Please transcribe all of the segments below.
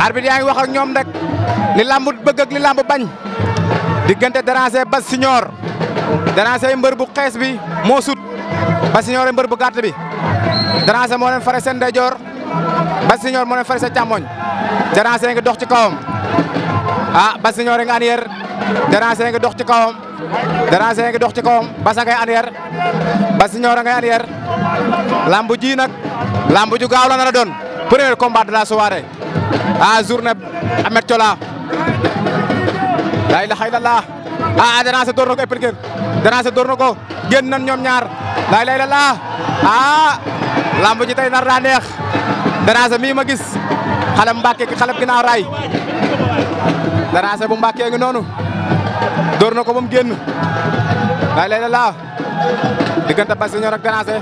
arbitre yaa ngi wax ak ñoom rek li làmb bëgg ak li làmb bañ diggante Déranger Bass Junior Déranger mbër bu xees bi moo sut Bass Junior mbër bu gàtt bi Déranger moo leen fare seen ndeyjoor Bass Junior moo leen fare seen càmmoñ Déranger ngi dox ci kawam ah Bass Junior nga arrière Déranger ngi dox ci kawam Déranger ngi dox ci kawam Bass ngay arrière Bass Junior ngay arrière lamb ji nag lamb ju gaaw la nar a doon premier combat la soirée a ah, journée Ahmed Thiola la ilaha illallah a ah, ah, Dranché door na ko épingle Dranché door na ko génn nan ñoom ñaar la ilaha illallah a tey nar daa neex Dranché mi ma gis xale Mbàkke xale ginnaaw raay Dranché bu Mbàkke ngi noonu door na ko moom génn la ilaha illallah diggante Bass Junior ak Dranché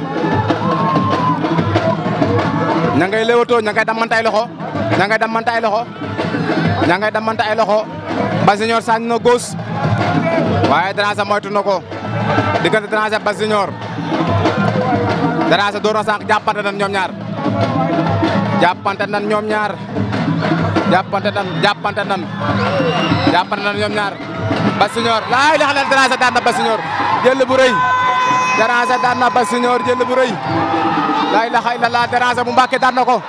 ña ngay léewatoo ña ngay damante ay loxo ña ngay damante ay loxo ña ngay damante ay loxo Bass Junior sañ na góos waaye Dranca moytu na ko diggante Dranca Bass Junior Dranca door na sànq jàppante nan ñoom ñaar jàppante nan ñoom ñaar jàppante nan jàppante nan jàppante nan ñoom ñaar Bass Junior laay laxalal Dranca jël bu Déranger daan na Bass Junior jël bu rëy laa ilaaha illallaah Déranger bu Mbàkke daan na ko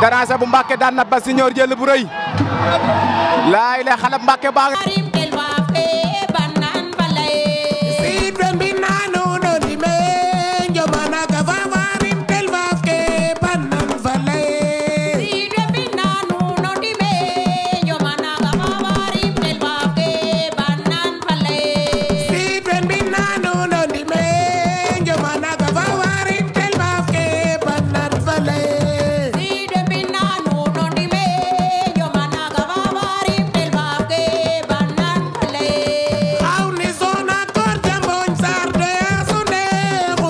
Déranger bu Mbàkke daan na Bass Junior jël bu rëy laa ilaaha la Mbàkke baa